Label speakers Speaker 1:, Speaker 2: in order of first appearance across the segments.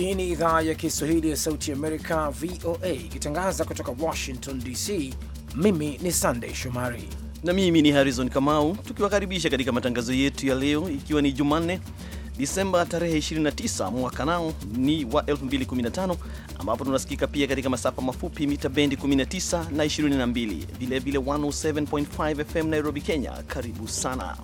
Speaker 1: Hii ni idhaa ya Kiswahili ya Sauti Amerika, VOA, ikitangaza kutoka Washington DC. Mimi ni Sandey Shomari
Speaker 2: na mimi ni Harrison Kamau, tukiwakaribisha katika matangazo yetu ya leo, ikiwa ni Jumanne Disemba tarehe 29 mwaka nao ni wa 2015, ambapo tunasikika pia katika masafa mafupi mita bendi 19 na 22, vilevile 107.5 FM Nairobi, Kenya. Karibu sana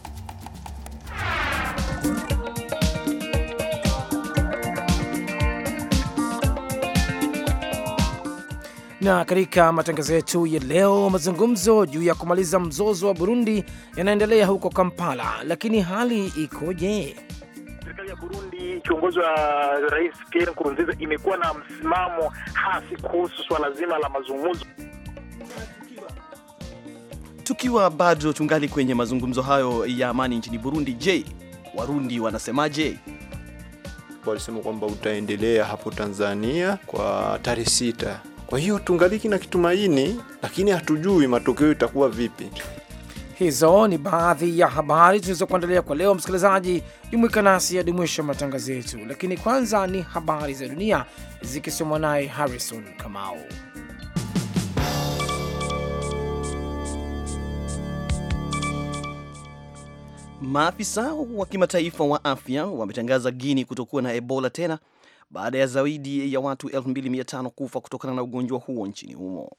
Speaker 1: Na katika matangazo yetu ya leo, mazungumzo juu ya kumaliza mzozo wa Burundi yanaendelea huko Kampala, lakini hali ikoje? Serikali
Speaker 3: ya Burundi na Rais Pierre Nkurunziza imekuwa na msimamo hasi kuhusu swala zima la mazungumzo.
Speaker 2: Tukiwa bado tungali kwenye mazungumzo hayo ya amani
Speaker 4: nchini Burundi, je, Warundi wanasemaje? Walisema kwamba utaendelea hapo Tanzania kwa tarehe sita kwa hiyo tungaliki na kitumaini, lakini hatujui matokeo itakuwa vipi. Hizo
Speaker 1: ni baadhi ya habari tulizokuandalia kwa leo. Msikilizaji, jumuika nasi hadi mwisho matangazo yetu, lakini kwanza ni habari za dunia zikisomwa naye Harrison Kamau.
Speaker 2: Maafisa wa kimataifa wa afya wametangaza Guini kutokuwa na Ebola tena baada ya zaidi ya watu 2500 kufa kutokana na ugonjwa huo nchini humo.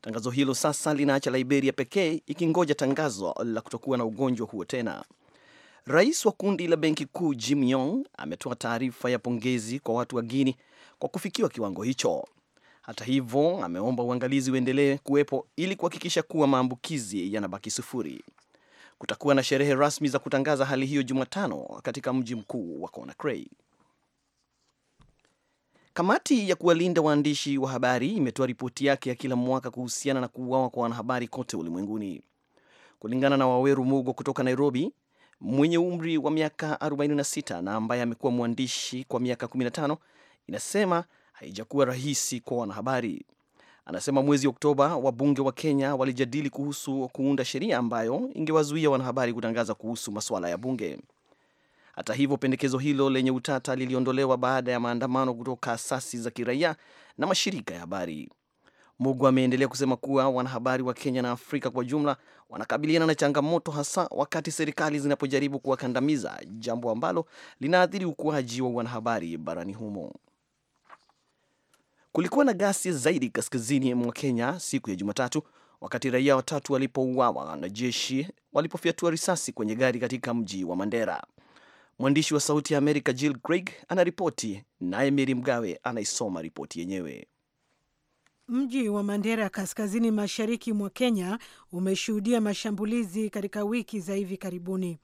Speaker 2: Tangazo hilo sasa linaacha Liberia pekee ikingoja tangazo la kutokuwa na ugonjwa huo tena. Rais wa kundi la benki kuu Jim Yong ametoa taarifa ya pongezi kwa watu wa Guini kwa kufikiwa kiwango hicho. Hata hivyo, ameomba uangalizi uendelee kuwepo ili kuhakikisha kuwa maambukizi yanabaki sufuri. Kutakuwa na sherehe rasmi za kutangaza hali hiyo Jumatano katika mji mkuu wa Conakry. Kamati ya kuwalinda waandishi wa habari imetoa ripoti yake ya kila mwaka kuhusiana na kuuawa kwa wanahabari kote ulimwenguni. Kulingana na Waweru Mugo kutoka Nairobi, mwenye umri wa miaka 46 na ambaye amekuwa mwandishi kwa miaka 15, inasema haijakuwa rahisi kwa wanahabari. Anasema mwezi Oktoba wabunge wa Kenya walijadili kuhusu kuunda sheria ambayo ingewazuia wanahabari kutangaza kuhusu masuala ya bunge. Hata hivyo, pendekezo hilo lenye utata liliondolewa baada ya maandamano kutoka asasi za kiraia na mashirika ya habari. Mugu ameendelea kusema kuwa wanahabari wa Kenya na Afrika kwa jumla wanakabiliana na changamoto hasa wakati serikali zinapojaribu kuwakandamiza, jambo ambalo linaathiri ukuaji wa wanahabari barani humo. Kulikuwa na ghasia zaidi kaskazini mwa Kenya siku ya Jumatatu wakati raia watatu walipouawa na jeshi walipofyatua risasi kwenye gari katika mji wa Mandera. Mwandishi wa Sauti ya Amerika Jill Craig anaripoti, naye miri Mgawe anaisoma ripoti yenyewe.
Speaker 5: Mji wa Mandera kaskazini mashariki mwa Kenya umeshuhudia mashambulizi katika wiki za hivi karibuni.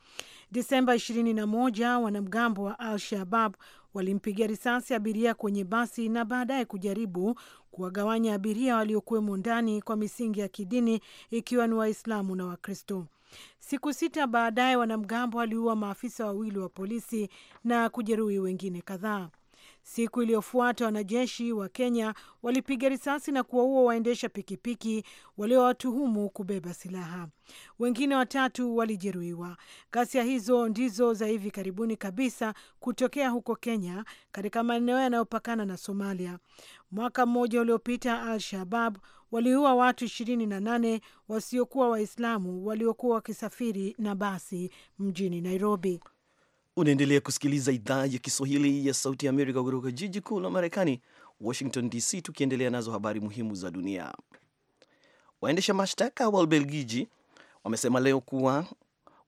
Speaker 5: Desemba 21 wanamgambo wa Al Shabab walimpiga risasi abiria kwenye basi na baadaye kujaribu kuwagawanya abiria waliokuwemo ndani kwa misingi ya kidini, ikiwa ni Waislamu na Wakristo. Siku sita baadaye, wanamgambo waliua maafisa wawili wa polisi na kujeruhi wengine kadhaa. Siku iliyofuata wanajeshi wa Kenya walipiga risasi na kuwaua waendesha pikipiki waliowatuhumu kubeba silaha. Wengine watatu walijeruhiwa. Ghasia hizo ndizo za hivi karibuni kabisa kutokea huko Kenya, katika maeneo yanayopakana na Somalia. Mwaka mmoja uliopita, Al Shabab waliua watu 28 wasiokuwa Waislamu waliokuwa wakisafiri na basi mjini Nairobi.
Speaker 2: Unaendelea kusikiliza idhaa ya Kiswahili ya Sauti ya Amerika kutoka jiji kuu la Marekani, Washington DC, tukiendelea nazo habari muhimu za dunia. Waendesha mashtaka wa Ubelgiji wamesema leo kuwa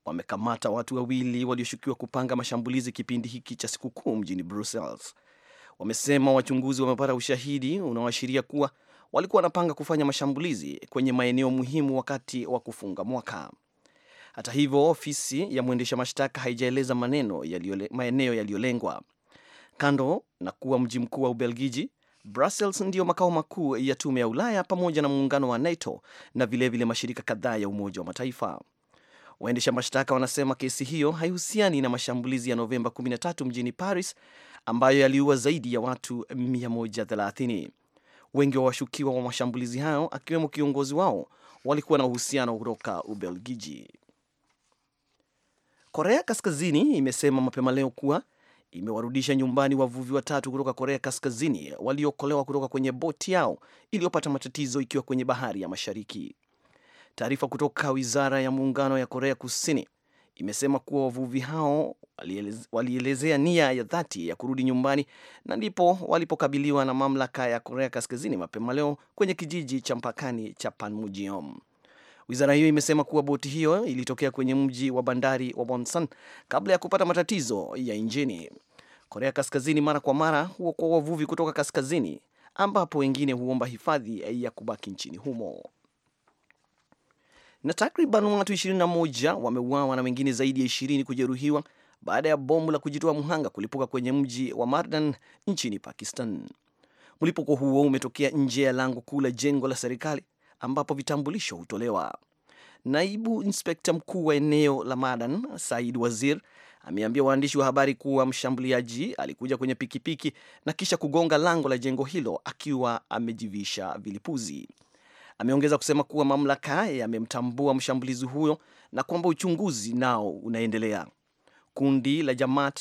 Speaker 2: wamekamata watu wawili walioshukiwa kupanga mashambulizi kipindi hiki cha sikukuu mjini Brussels. Wamesema wachunguzi wamepata ushahidi unaoashiria kuwa walikuwa wanapanga kufanya mashambulizi kwenye maeneo muhimu wakati wa kufunga mwaka. Hata hivyo, ofisi ya mwendesha mashtaka haijaeleza maeneo yaliyolengwa. Kando na kuwa mji mkuu wa Ubelgiji, Brussels ndiyo makao makuu ya tume ya Ulaya pamoja na muungano wa NATO na vilevile vile mashirika kadhaa ya Umoja wa Mataifa. Waendesha mashtaka wanasema kesi hiyo haihusiani na mashambulizi ya Novemba 13 mjini Paris ambayo yaliua zaidi ya watu 130. Wengi wa washukiwa wa mashambulizi hayo akiwemo kiongozi wao walikuwa na uhusiano kutoka Ubelgiji. Korea Kaskazini imesema mapema leo kuwa imewarudisha nyumbani wavuvi watatu kutoka Korea Kaskazini waliokolewa kutoka kwenye boti yao iliyopata matatizo ikiwa kwenye bahari ya Mashariki. Taarifa kutoka wizara ya muungano ya Korea Kusini imesema kuwa wavuvi hao walielezea nia ya dhati ya kurudi nyumbani na ndipo walipokabiliwa na mamlaka ya Korea Kaskazini mapema leo kwenye kijiji cha mpakani cha Panmunjom. Wizara hiyo imesema kuwa boti hiyo ilitokea kwenye mji wa bandari wa Wonsan kabla ya kupata matatizo ya injini. Korea Kaskazini mara kwa mara huokoa wavuvi kutoka kaskazini, ambapo wengine huomba hifadhi ya kubaki nchini humo na takriban watu 21 wameuawa na wengine zaidi ya 20 kujeruhiwa baada ya bomu la kujitoa mhanga kulipuka kwenye mji wa Mardan nchini Pakistan. Mlipuko huo umetokea nje ya lango kuu la jengo la serikali ambapo vitambulisho hutolewa. Naibu inspekta mkuu wa eneo la Mardan, Said Wazir, ameambia waandishi wa habari kuwa mshambuliaji alikuja kwenye pikipiki na kisha kugonga lango la jengo hilo akiwa amejivisha vilipuzi. Ameongeza kusema kuwa mamlaka yamemtambua mshambulizi huyo na kwamba uchunguzi nao unaendelea. Kundi la Jamaat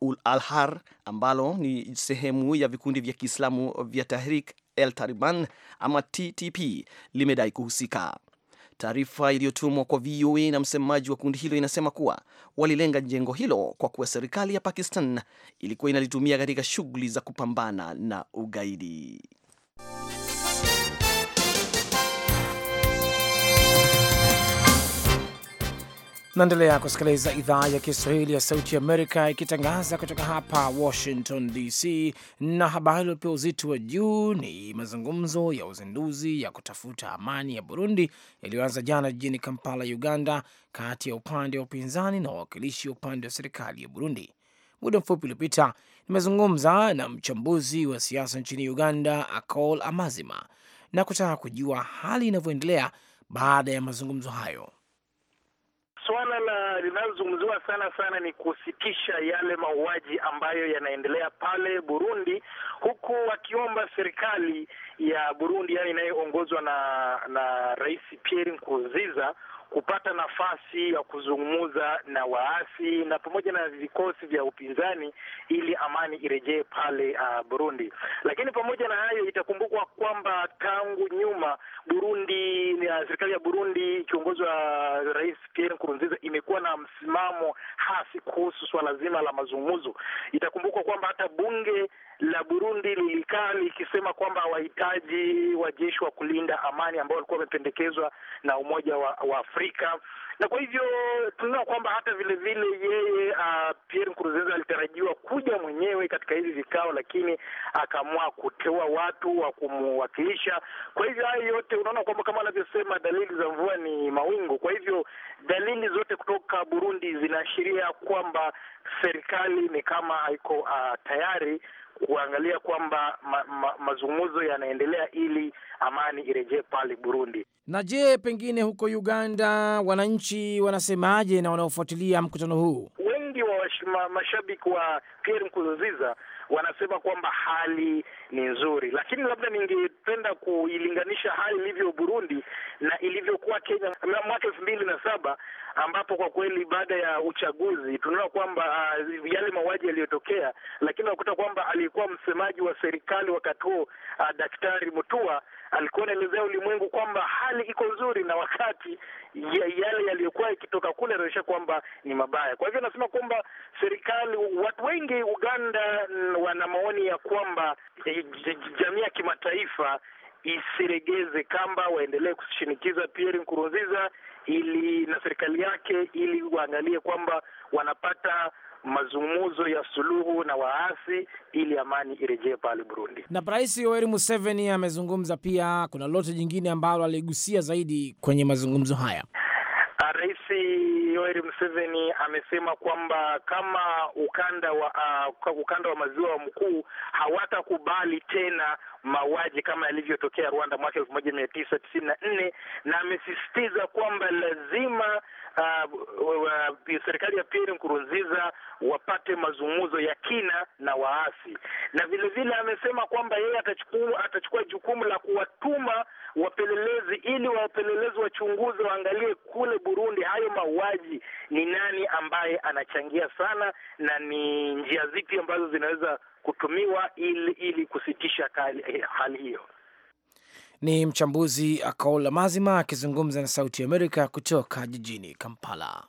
Speaker 2: ul alhar ambalo ni sehemu ya vikundi vya Kiislamu vya Tahrik el Taliban ama TTP limedai kuhusika. Taarifa iliyotumwa kwa VOA na msemaji wa kundi hilo inasema kuwa walilenga jengo hilo kwa kuwa serikali ya Pakistan ilikuwa inalitumia katika shughuli za kupambana na ugaidi. Naendelea kusikiliza
Speaker 1: idhaa ya Kiswahili ya Sauti Amerika ikitangaza kutoka hapa Washington DC, na habari iliyopewa uzito wa juu ni mazungumzo ya uzinduzi ya kutafuta amani ya Burundi yaliyoanza jana jijini Kampala, Uganda, kati ya upande wa upinzani na wawakilishi wa upande wa serikali ya Burundi. Muda mfupi uliopita nimezungumza na mchambuzi wa siasa nchini Uganda, Acol Amazima, na kutaka kujua hali inavyoendelea baada ya mazungumzo hayo
Speaker 3: sana sana ni kusitisha yale mauaji ambayo yanaendelea pale Burundi, huku wakiomba serikali ya Burundi yani inayoongozwa na na Rais Pierre Nkurunziza kupata nafasi ya kuzungumza na waasi na pamoja na vikosi vya upinzani ili amani irejee pale uh, Burundi. Lakini pamoja na hayo, itakumbukwa kwamba tangu nyuma Burundi na serikali ya Burundi ikiongozwa na Rais Pierre Nkurunziza imekuwa na msimamo hasi kuhusu swala zima la mazungumzo. Itakumbukwa kwamba hata bunge la Burundi lilikaa likisema kwamba hawahitaji wajeshi wa kulinda amani ambao walikuwa wamependekezwa na Umoja wa, wa Afrika na kwa hivyo tunaona kwamba hata vile vile yeye uh, Pierre Nkurunziza alitarajiwa kuja mwenyewe katika hivi vikao, lakini akaamua kuteua watu wa kumwakilisha. Kwa hivyo hayo yote unaona kwamba kama anavyosema, dalili za mvua ni mawingu. Kwa hivyo dalili zote kutoka Burundi zinaashiria kwamba serikali ni kama haiko uh, tayari kuangalia kwamba ma, ma, mazungumzo yanaendelea ili amani irejee pale Burundi.
Speaker 1: Na je, pengine huko Uganda wananchi wanasemaje na wanaofuatilia mkutano huu?
Speaker 3: Wengi wa mashabiki wa Pierre Nkurunziza wanasema kwamba hali ni nzuri, lakini labda ningependa kuilinganisha hali ilivyo Burundi na ilivyokuwa Kenya mwaka elfu mbili na saba ambapo kwa kweli baada ya uchaguzi tunaona kwamba uh, yale mauaji yaliyotokea, lakini unakuta kwamba aliyekuwa msemaji wa serikali wakati huo uh, Daktari Mutua alikuwa anaelezea ulimwengu kwamba hali iko nzuri, na wakati yale yaliyokuwa ikitoka kule anaonyesha kwamba ni mabaya. Kwa hivyo anasema kwamba serikali, watu wengi Uganda mm, wana maoni ya kwamba eh, jamii ya kimataifa isiregeze kamba, waendelee kushinikiza Pierre Nkurunziza ili na serikali yake ili waangalie kwamba wanapata mazungumzo ya suluhu na waasi ili amani irejee pale Burundi.
Speaker 1: Na Rais Yoweri Museveni amezungumza pia, kuna lote jingine ambalo aligusia zaidi kwenye mazungumzo haya?
Speaker 3: Rais Yoweri Museveni amesema kwamba kama ukanda wa uh, ukanda wa maziwa mkuu hawatakubali tena mauaji kama yalivyotokea Rwanda mwaka elfu moja mia tisa tisini na nne na amesisitiza kwamba lazima uh, serikali ya Pierre Nkurunziza wapate mazungumzo ya kina na waasi, na vile vile amesema kwamba yeye atachukua, atachukua jukumu la kuwatuma wapelelezi ili wapelelezi wachunguze, waangalie kule Burundi hayo mauaji, ni nani ambaye anachangia sana na ni njia zipi ambazo zinaweza kutumiwa ili, ili kusitisha hali hiyo.
Speaker 1: Ni mchambuzi Akaola Mazima akizungumza na Sauti Amerika kutoka jijini Kampala.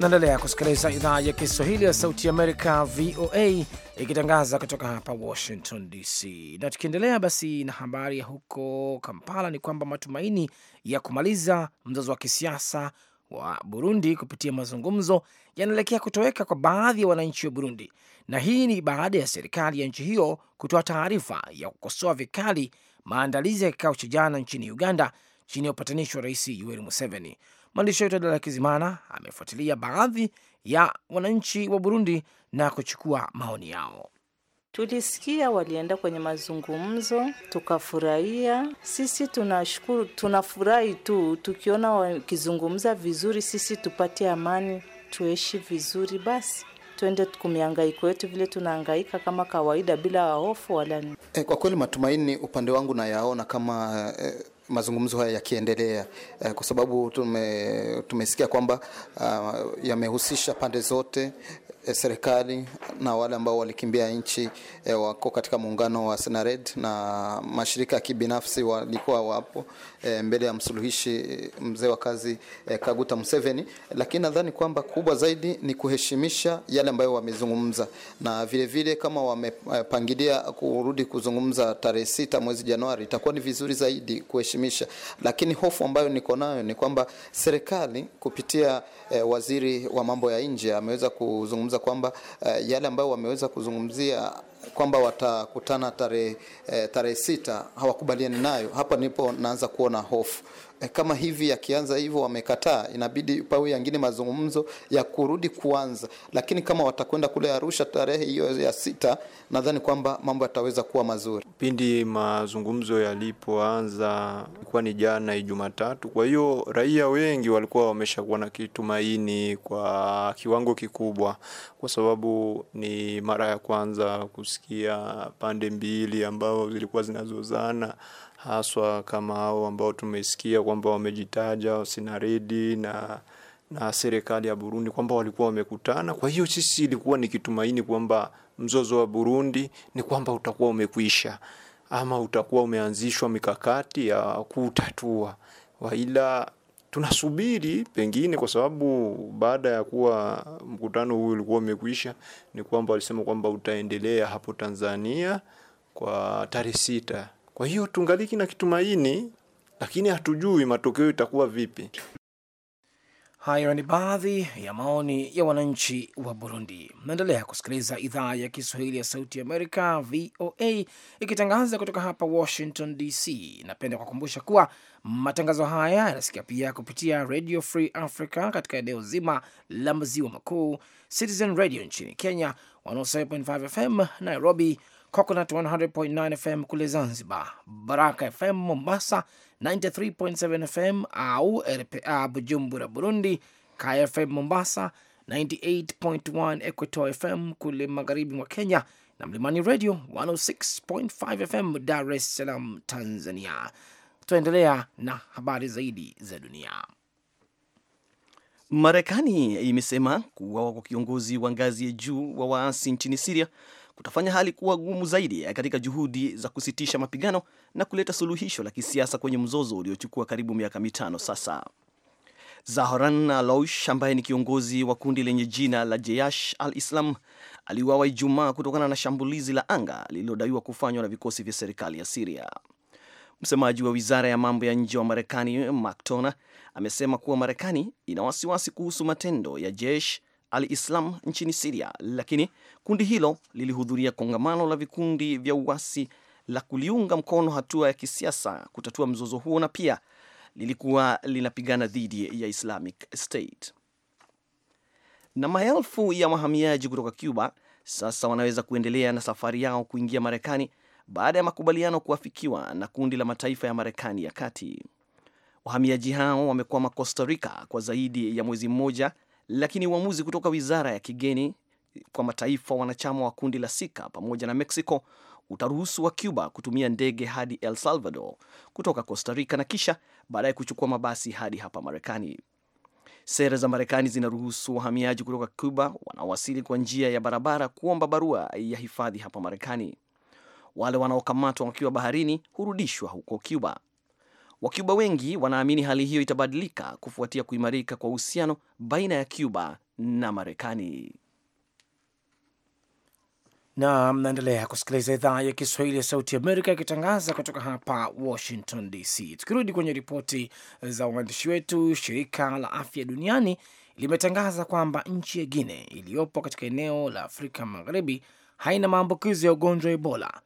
Speaker 1: Naendelea kusikiliza idhaa ya Kiswahili ya Sauti ya Amerika, VOA, ikitangaza kutoka hapa Washington DC. Na tukiendelea basi na habari ya huko Kampala, ni kwamba matumaini ya kumaliza mzozo wa kisiasa wa Burundi kupitia mazungumzo yanaelekea kutoweka kwa baadhi ya wananchi wa Burundi, na hii ni baada ya serikali ya nchi hiyo kutoa taarifa ya kukosoa vikali maandalizi ya kikao cha jana nchini Uganda chini ya upatanishi wa Rais Yoweri Museveni. Mwandishi wetu ya Kizimana amefuatilia baadhi ya wananchi wa Burundi na kuchukua maoni yao.
Speaker 6: Tulisikia walienda kwenye mazungumzo tukafurahia. Sisi tunashukuru, tunafurahi tu tukiona wakizungumza vizuri, sisi tupate amani, tuishi vizuri, basi tuende kumihangaiko yetu vile tunaangaika kama
Speaker 5: kawaida, bila hofu wala nini.
Speaker 7: E, kwa kweli matumaini upande wangu nayaona kama e mazungumzo haya yakiendelea, eh, kwa sababu tume, tumesikia kwamba uh, yamehusisha pande zote eh, serikali na wale ambao walikimbia nchi eh, wako katika muungano wa Senared na mashirika ya kibinafsi walikuwa wapo e, mbele ya msuluhishi eh, mzee wa kazi e, Kaguta Museveni, lakini nadhani kwamba kubwa zaidi ni kuheshimisha yale ambayo wamezungumza, na vile vile kama wamepangilia kurudi kuzungumza tarehe sita mwezi Januari, itakuwa ni vizuri zaidi kuheshimisha. Lakini hofu ambayo niko nayo ni kwamba serikali kupitia e, waziri wa mambo ya nje ameweza kuzungumza kwamba e, yale ambayo wameweza kuzungumzia kwamba watakutana tarehe eh, tarehe sita hawakubaliani nayo, hapa ndipo naanza kuona hofu e, kama hivi yakianza hivyo wamekataa, inabidi pawe yangine mazungumzo ya kurudi kuanza, lakini kama watakwenda kule Arusha tarehe hiyo ya sita,
Speaker 4: nadhani kwamba mambo yataweza kuwa mazuri. Pindi mazungumzo yalipoanza ilikuwa ni jana Jumatatu, kwa hiyo raia wengi walikuwa wameshakuwa na kitumaini kwa kiwango kikubwa, kwa sababu ni mara ya kwanza kusikia pande mbili ambao zilikuwa zinazozana haswa kama hao ambao tumesikia kwamba wamejitaja Sinaredi na na serikali ya Burundi kwamba walikuwa wamekutana. Kwa hiyo sisi ilikuwa ni kitumaini kwamba mzozo wa Burundi ni kwamba utakuwa umekwisha ama utakuwa umeanzishwa mikakati ya kutatua, waila tunasubiri pengine, kwa sababu baada ya kuwa mkutano huu ulikuwa umekwisha, ni kwamba walisema kwamba utaendelea hapo Tanzania kwa tarehe sita kwa hiyo tungaliki na kitumaini, lakini hatujui matokeo itakuwa vipi.
Speaker 1: Hayo ni baadhi ya maoni ya wananchi wa Burundi. Mnaendelea kusikiliza idhaa ya Kiswahili ya Sauti Amerika, VOA, ikitangaza kutoka hapa Washington DC. Napenda kukumbusha kuwa matangazo haya yanasikia pia kupitia Radio Free Africa katika eneo zima la maziwa makuu, Citizen Radio nchini Kenya, 107.5 FM Nairobi, Coconut 100.9 FM kule Zanzibar, Baraka FM Mombasa 93.7 FM au RPA Bujumbura, Burundi, Kaya FM Mombasa 98.1, Equator FM kule magharibi mwa Kenya na Mlimani Radio 106.5 FM Dar es Salaam, Tanzania. Tuendelea na habari zaidi za dunia.
Speaker 2: Marekani imesema kuuawa kwa kiongozi wa ngazi ya juu wa waasi nchini Siria kutafanya hali kuwa gumu zaidi katika juhudi za kusitisha mapigano na kuleta suluhisho la kisiasa kwenye mzozo uliochukua karibu miaka mitano sasa. Zahoran Aloush ambaye ni kiongozi wa kundi lenye jina la Jeyash al-Islam aliuawa Ijumaa kutokana na shambulizi la anga lililodaiwa kufanywa na vikosi vya serikali ya Siria. Msemaji wa wizara ya mambo ya nje wa Marekani Mark Toner amesema kuwa Marekani ina wasiwasi kuhusu matendo ya jeshi al Islam nchini Siria, lakini kundi hilo lilihudhuria kongamano la vikundi vya uasi la kuliunga mkono hatua ya kisiasa kutatua mzozo huo na pia lilikuwa linapigana dhidi ya Islamic State. Na maelfu ya wahamiaji kutoka Cuba sasa wanaweza kuendelea na safari yao kuingia Marekani baada ya makubaliano kuafikiwa na kundi la mataifa ya Marekani ya kati. Wahamiaji hao wamekwama Costa Rica kwa zaidi ya mwezi mmoja lakini uamuzi kutoka wizara ya kigeni kwa mataifa wanachama wa kundi la Sika pamoja na Mexico utaruhusu wa Cuba kutumia ndege hadi El Salvador kutoka Costa Rica na kisha baadaye kuchukua mabasi hadi hapa Marekani. Sera za Marekani zinaruhusu wahamiaji kutoka Cuba wanaowasili kwa njia ya barabara kuomba barua ya hifadhi hapa Marekani. Wale wanaokamatwa wakiwa baharini hurudishwa huko Cuba. Wacuba wengi wanaamini hali hiyo itabadilika kufuatia kuimarika kwa uhusiano baina ya Cuba na Marekani.
Speaker 1: Na mnaendelea kusikiliza idhaa ya Kiswahili ya Sauti Amerika ikitangaza kutoka hapa Washington DC. Tukirudi kwenye ripoti za uandishi wetu, shirika la afya duniani limetangaza kwamba nchi ya Guine iliyopo katika eneo la Afrika Magharibi haina maambukizo ya ugonjwa wa Ebola.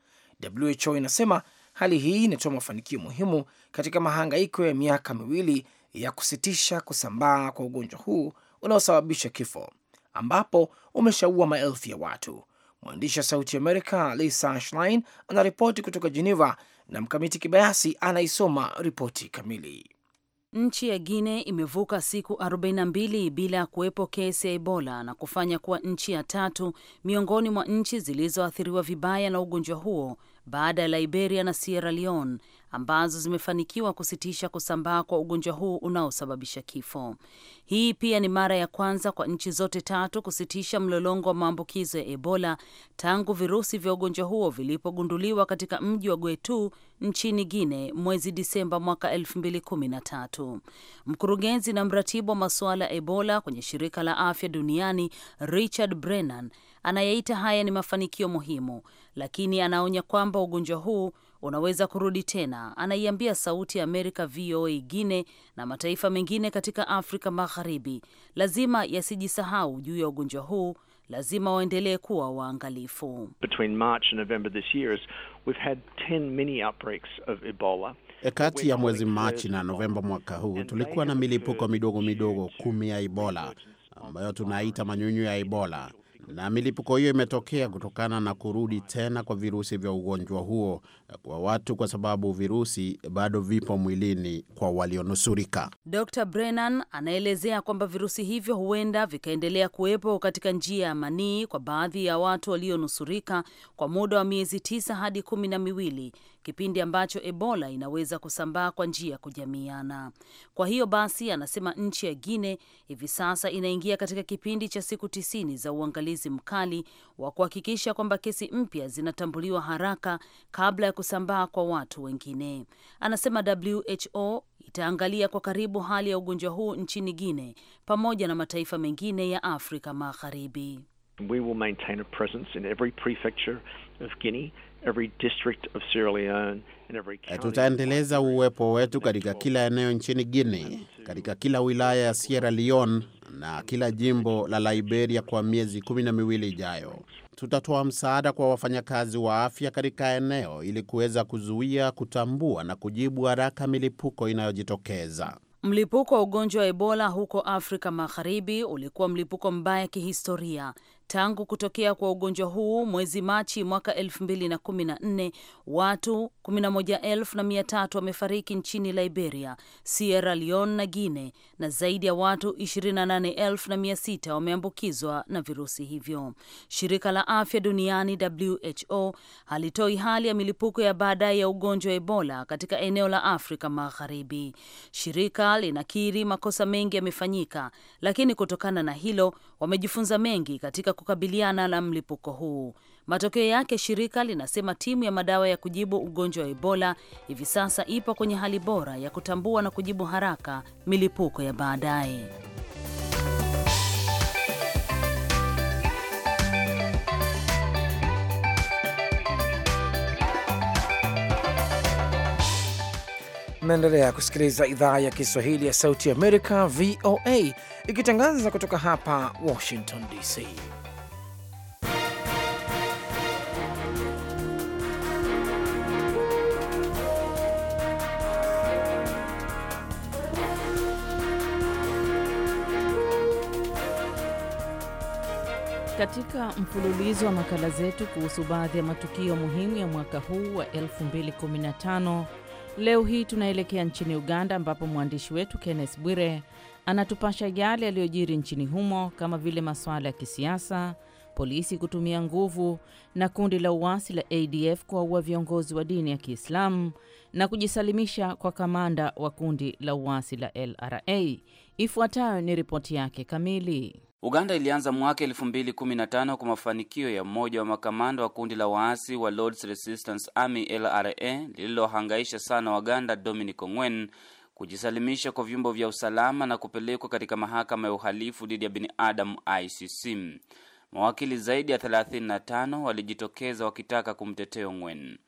Speaker 1: WHO inasema Hali hii inatoa mafanikio muhimu katika mahangaiko ya miaka miwili ya kusitisha kusambaa kwa ugonjwa huu unaosababisha kifo ambapo umeshaua maelfu ya watu. Mwandishi wa Sauti Amerika Lisa Schlein anaripoti kutoka Geneva na Mkamiti Kibayasi anaisoma ripoti kamili.
Speaker 8: Nchi ya guine imevuka siku 42 bila ya kuwepo kesi ya Ebola na kufanya kuwa nchi ya tatu miongoni mwa nchi zilizoathiriwa vibaya na ugonjwa huo baada ya Liberia na Sierra Leone ambazo zimefanikiwa kusitisha kusambaa kwa ugonjwa huu unaosababisha kifo. Hii pia ni mara ya kwanza kwa nchi zote tatu kusitisha mlolongo wa maambukizo ya Ebola tangu virusi vya ugonjwa huo vilipogunduliwa katika mji wa Gwetu nchini Guine mwezi Disemba mwaka 2013. Mkurugenzi na mratibu wa masuala ya Ebola kwenye shirika la afya duniani Richard Brennan anayeita haya ni mafanikio muhimu, lakini anaonya kwamba ugonjwa huu unaweza kurudi tena. Anaiambia Sauti ya Amerika VOA Guine na mataifa mengine katika Afrika Magharibi lazima yasijisahau juu ya ugonjwa huu, lazima waendelee kuwa waangalifu.
Speaker 9: Kati ya mwezi Machi na Novemba mwaka huu tulikuwa na milipuko midogo midogo kumi ya Ebola ambayo tunaita manyunyu ya Ebola na milipuko hiyo imetokea kutokana na kurudi tena kwa virusi vya ugonjwa huo kwa watu, kwa sababu virusi bado vipo mwilini kwa walionusurika.
Speaker 8: Dr Brennan anaelezea kwamba virusi hivyo huenda vikaendelea kuwepo katika njia ya manii kwa baadhi ya watu walionusurika kwa muda wa miezi tisa hadi kumi na miwili kipindi ambacho Ebola inaweza kusambaa kwa njia ya kujamiana. Kwa hiyo basi, anasema nchi ya Guine hivi sasa inaingia katika kipindi cha siku tisini za uangalizi mkali wa kuhakikisha kwamba kesi mpya zinatambuliwa haraka kabla ya kusambaa kwa watu wengine. Anasema WHO itaangalia kwa karibu hali ya ugonjwa huu nchini Guine pamoja na mataifa mengine ya Afrika Magharibi.
Speaker 3: We will maintain a presence in every prefecture
Speaker 4: of Guinea.
Speaker 9: Tutaendeleza uwepo wetu katika kila eneo nchini Guinea, katika kila wilaya ya Sierra Leone na kila jimbo la Liberia kwa miezi kumi na miwili ijayo. Tutatoa msaada kwa wafanyakazi wa afya katika eneo ili kuweza kuzuia, kutambua na kujibu haraka milipuko inayojitokeza.
Speaker 8: Mlipuko wa ugonjwa wa Ebola huko Afrika Magharibi ulikuwa mlipuko mbaya kihistoria Tangu kutokea kwa ugonjwa huu mwezi Machi mwaka 2014 watu 11,300 wamefariki nchini Liberia, Sierra Leone na guine na zaidi ya watu 28,600 wameambukizwa na virusi hivyo. Shirika la afya duniani WHO halitoi hali ya milipuko ya baadaye ya ugonjwa wa Ebola katika eneo la Afrika Magharibi. Shirika linakiri makosa mengi yamefanyika, lakini kutokana na hilo wamejifunza mengi katika kukabiliana na mlipuko huu. Matokeo yake, shirika linasema timu ya madawa ya kujibu ugonjwa wa Ebola hivi sasa ipo kwenye hali bora ya kutambua na kujibu haraka milipuko ya baadaye.
Speaker 1: Naendelea kusikiliza idhaa ya Kiswahili ya Sauti ya Amerika, VOA, ikitangaza kutoka hapa Washington DC.
Speaker 6: Katika mfululizo wa makala zetu kuhusu baadhi ya matukio muhimu ya mwaka huu wa 2015, leo hii tunaelekea nchini Uganda ambapo mwandishi wetu Kenneth Bwire anatupasha yale yaliyojiri nchini humo kama vile masuala ya kisiasa, polisi kutumia nguvu na kundi la uasi la ADF kuwaua viongozi wa dini ya Kiislamu na kujisalimisha kwa kamanda wa kundi la uasi la LRA. Ifuatayo ni ripoti yake kamili.
Speaker 10: Uganda ilianza mwaka 2015 kwa mafanikio ya mmoja wa makamanda wa kundi la waasi wa Lords Resistance Army LRA lililohangaisha sana Waganda, Dominic Ongwen kujisalimisha kwa vyombo vya usalama na kupelekwa katika mahakama ya uhalifu dhidi ya binadamu ICC. Mawakili zaidi ya 35 walijitokeza wakitaka kumtetea Ongwen.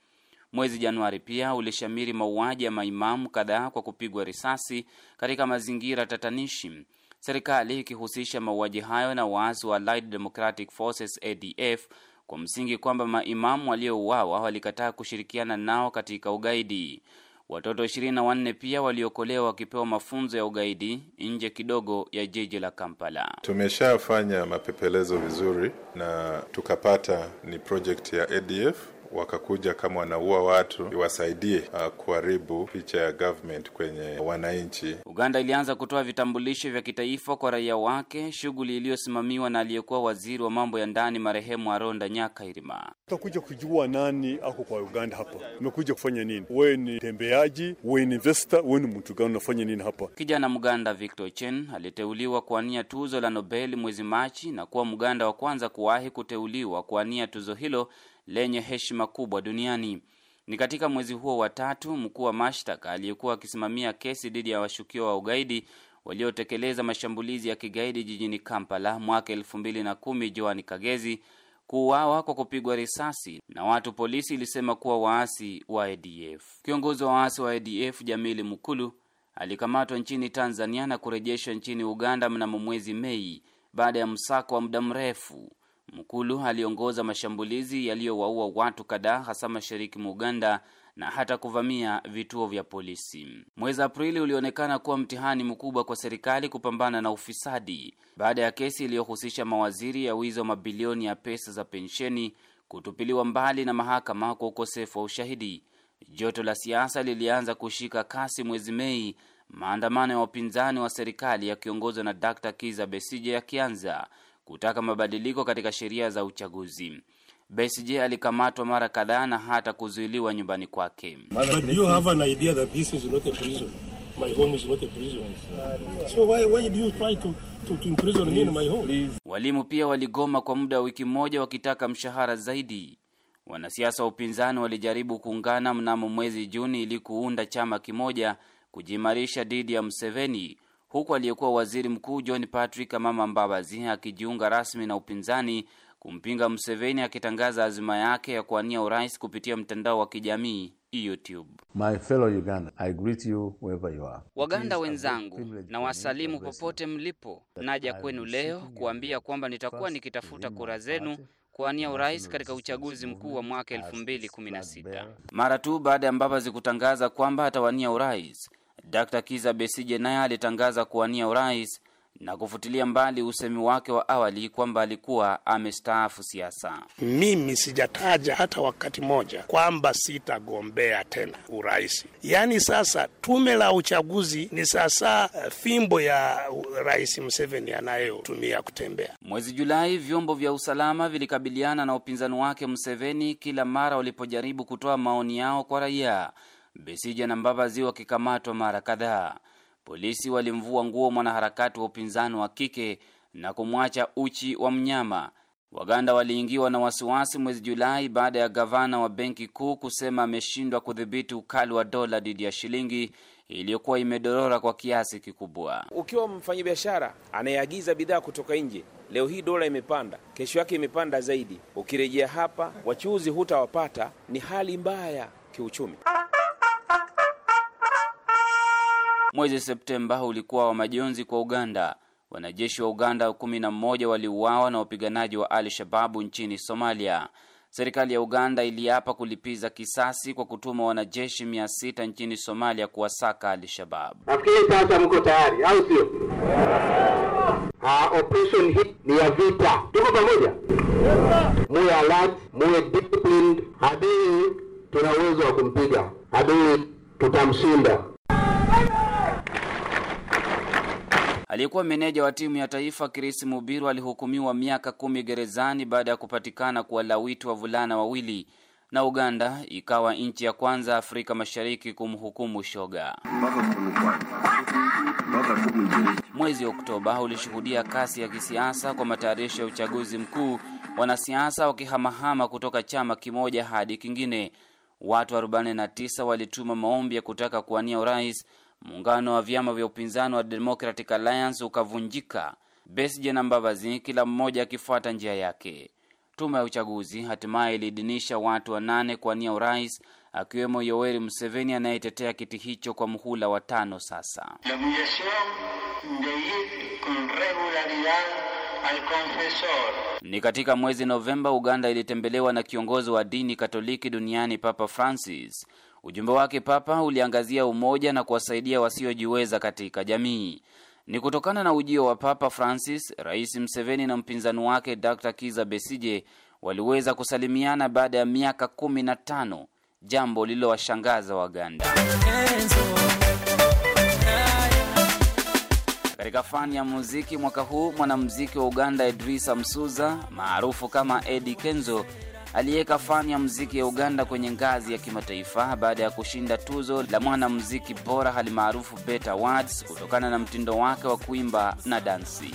Speaker 10: Mwezi Januari pia ulishamiri mauaji ya maimamu kadhaa kwa kupigwa risasi katika mazingira tatanishi serikali ikihusisha mauaji hayo na waasi wa Allied Democratic Forces ADF kwa msingi kwamba maimamu waliouawa walikataa kushirikiana nao katika ugaidi. Watoto 24 pia waliokolewa wakipewa mafunzo ya ugaidi nje kidogo ya jiji la Kampala.
Speaker 9: Tumeshafanya mapepelezo vizuri na tukapata ni project ya ADF wakakuja kama wanaua watu iwasaidie uh, kuharibu picha ya government kwenye wananchi.
Speaker 10: Uganda ilianza kutoa vitambulisho vya kitaifa kwa raia wake, shughuli iliyosimamiwa na aliyekuwa waziri wa mambo ya ndani marehemu Aronda Nyakairima.
Speaker 9: Utakuja kujua
Speaker 7: nani ako kwa Uganda hapa, umekuja kufanya nini? Wewe ni tembeaji? Wewe ni investor? Wewe ni
Speaker 10: mtu gani? Unafanya nini hapa? Kijana Mganda Victor Chen aliteuliwa kuania tuzo la Nobel mwezi Machi na kuwa Mganda wa kwanza kuwahi kuteuliwa kuania tuzo hilo lenye heshima kubwa duniani. Ni katika mwezi huo wa tatu, mkuu wa mashtaka aliyekuwa akisimamia kesi dhidi ya washukiwa wa ugaidi waliotekeleza mashambulizi ya kigaidi jijini Kampala mwaka elfu mbili na kumi, Joan Kagezi kuuawa kwa kupigwa risasi na watu polisi ilisema kuwa waasi wa ADF. Kiongozi wa waasi wa ADF Jamili Mukulu alikamatwa nchini Tanzania na kurejeshwa nchini Uganda mnamo mwezi Mei baada ya msako wa muda mrefu. Mkulu aliongoza mashambulizi yaliyowaua watu kadhaa hasa mashariki mwa Uganda na hata kuvamia vituo vya polisi. Mwezi Aprili ulionekana kuwa mtihani mkubwa kwa serikali kupambana na ufisadi baada ya kesi iliyohusisha mawaziri ya wizi wa mabilioni ya pesa za pensheni kutupiliwa mbali na mahakama kwa ukosefu wa ushahidi. Joto la siasa lilianza kushika kasi mwezi Mei, maandamano ya wapinzani wa serikali yakiongozwa na Dr. Kiza Besije yakianza kutaka mabadiliko katika sheria za uchaguzi. Besigye alikamatwa mara kadhaa na hata kuzuiliwa nyumbani kwake. Walimu pia waligoma kwa muda wa wiki moja wakitaka mshahara zaidi. Wanasiasa wa upinzani walijaribu kuungana mnamo mwezi Juni ili kuunda chama kimoja kujiimarisha dhidi ya mseveni huku aliyekuwa waziri mkuu John Patrick Amama Mbabazi akijiunga rasmi na upinzani kumpinga Museveni, akitangaza azima yake ya kuania urais kupitia mtandao wa kijamii YouTube.
Speaker 9: My fellow Uganda, I greet you wherever you are.
Speaker 10: Waganda wenzangu na wasalimu popote mlipo, naja kwenu leo kuambia kwamba nitakuwa nikitafuta kura zenu kuania urais katika uchaguzi mkuu wa mwaka 2016. Mara tu baada ya Mbabazi kutangaza kwamba atawania urais Dr. Kiza Besije naye alitangaza kuwania urais na kufutilia mbali usemi wake wa awali kwamba alikuwa amestaafu siasa.
Speaker 9: Mimi sijataja hata wakati moja kwamba sitagombea tena urais. Yaani sasa tume la uchaguzi ni sasa eh, fimbo ya Rais Museveni anayotumia kutembea.
Speaker 10: Mwezi Julai, vyombo vya usalama vilikabiliana na upinzani wake Museveni kila mara walipojaribu kutoa maoni yao kwa raia. Besija na Mbabazi wakikamatwa mara kadhaa. Polisi walimvua nguo mwanaharakati wa upinzani wa kike na kumwacha uchi wa mnyama. Waganda waliingiwa na wasiwasi mwezi Julai baada ya gavana wa benki kuu kusema ameshindwa kudhibiti ukali wa dola dhidi ya shilingi iliyokuwa
Speaker 9: imedorora kwa kiasi
Speaker 10: kikubwa.
Speaker 9: Ukiwa mfanyabiashara anayeagiza bidhaa kutoka nje, leo hii dola imepanda, kesho yake imepanda zaidi, ukirejea hapa wachuuzi hutawapata. Ni hali mbaya kiuchumi.
Speaker 10: Mwezi Septemba ulikuwa wa majonzi kwa Uganda. Wanajeshi wa Uganda kumi na mmoja waliuawa na wapiganaji wa Al Shababu nchini Somalia. Serikali ya Uganda iliapa kulipiza kisasi kwa kutuma wanajeshi mia sita nchini Somalia kuwasaka Al
Speaker 9: Shabab. Nafikiri sasa mko tayari, au sio? Uh, operation hii ni ya vita. Tuko pamoja, muwe alert, muwe disciplined. Adui tuna uwezo wa kumpiga adui, tutamshinda.
Speaker 10: Aliyekuwa meneja wa timu ya taifa Chris Mubiru alihukumiwa miaka kumi gerezani baada ya kupatikana kuwalawiti vulana wawili na Uganda ikawa nchi ya kwanza Afrika Mashariki kumhukumu shoga. Mwezi Oktoba ulishuhudia kasi ya kisiasa kwa matayarisho ya uchaguzi mkuu, wanasiasa wakihamahama kutoka chama kimoja hadi kingine. Watu 49 walituma maombi ya kutaka kuwania urais muungano wa vyama vya upinzani wa Democratic Alliance ukavunjika, Besigye na Mbabazi kila mmoja akifuata njia yake. Tume ya uchaguzi hatimaye iliidhinisha watu wanane kuwania urais akiwemo Yoweri Museveni anayetetea kiti hicho kwa muhula wa tano sasa. Ni katika mwezi Novemba Uganda ilitembelewa na kiongozi wa dini Katoliki duniani Papa Francis Ujumbe wake Papa uliangazia umoja na kuwasaidia wasiojiweza katika jamii. Ni kutokana na ujio wa Papa Francis, Rais Mseveni na mpinzani wake Dr. Kiza Besije waliweza kusalimiana baada ya miaka kumi na tano, jambo lililowashangaza Waganda. Katika fani ya muziki mwaka huu, mwanamuziki wa Uganda Idrisa Msuza maarufu kama Eddie Kenzo aliyeweka fani ya muziki ya Uganda kwenye ngazi ya kimataifa baada ya kushinda tuzo la mwanamuziki bora halimaarufu BET Awards kutokana na mtindo wake wa kuimba na dansi.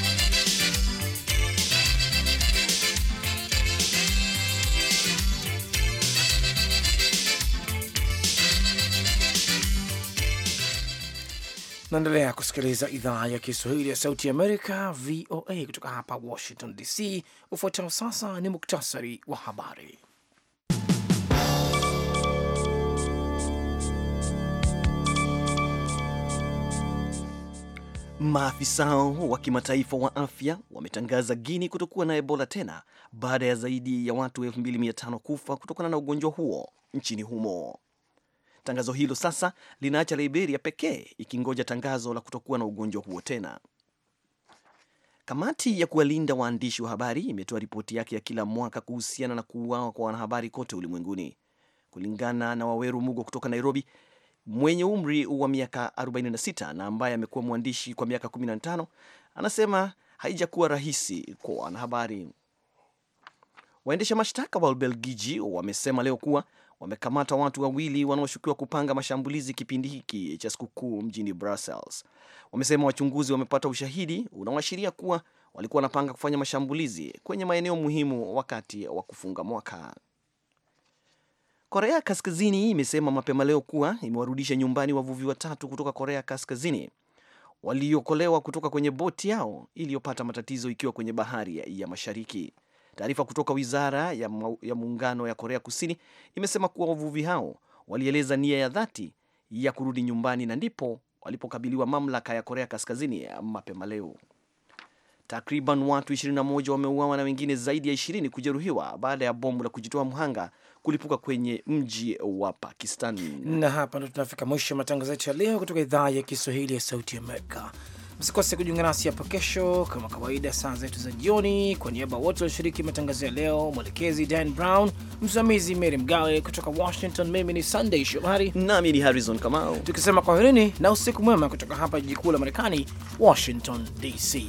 Speaker 1: Naendelea kusikiliza idhaa ya Kiswahili ya Sauti Amerika, VOA, kutoka hapa Washington DC. Ufuatao sasa ni muktasari wa habari.
Speaker 2: Maafisa wa kimataifa wa afya wametangaza Guini kutokuwa na Ebola tena baada ya zaidi ya watu 2500 kufa kutokana na ugonjwa huo nchini humo. Tangazo hilo sasa linaacha Liberia pekee ikingoja tangazo la kutokuwa na ugonjwa huo tena. Kamati ya kuwalinda waandishi wa habari imetoa ripoti yake ya kila mwaka kuhusiana na kuuawa kwa wanahabari kote ulimwenguni. Kulingana na Waweru Mugo kutoka Nairobi, mwenye umri wa miaka 46 na ambaye amekuwa mwandishi kwa miaka 15, anasema haijakuwa rahisi kwa wanahabari. Waendesha mashtaka wa Ubelgiji wamesema leo kuwa wamekamata watu wawili wanaoshukiwa kupanga mashambulizi kipindi hiki cha sikukuu mjini Brussels. Wamesema wachunguzi wamepata ushahidi unaoashiria kuwa walikuwa wanapanga kufanya mashambulizi kwenye maeneo muhimu wakati wa kufunga mwaka. Korea Kaskazini imesema mapema leo kuwa imewarudisha nyumbani wavuvi watatu kutoka Korea Kaskazini waliokolewa kutoka kwenye boti yao iliyopata matatizo ikiwa kwenye bahari ya Mashariki. Taarifa kutoka wizara ya muungano ya Korea Kusini imesema kuwa wavuvi hao walieleza nia ya dhati ya kurudi nyumbani na ndipo walipokabiliwa mamlaka ya Korea Kaskazini mapema leo. Takriban watu 21 wameuawa na wengine zaidi ya 20 kujeruhiwa baada ya bomu la kujitoa mhanga kulipuka kwenye mji wa Pakistan. Na
Speaker 1: hapa ndo tunafika mwisho matangazo yetu ya leo kutoka idhaa ya Kiswahili ya Sauti Amerika. Msikose kujiunga nasi hapo kesho kama kawaida, saa zetu za jioni. Kwa niaba wote walioshiriki matangazo ya leo, mwelekezi Dan Brown, msimamizi Mary Mgawe kutoka Washington, mimi ni Sunday Shomari nami ni Harrison Kamau, tukisema kwaherini na usiku mwema kutoka hapa jiji kuu la Marekani, Washington DC.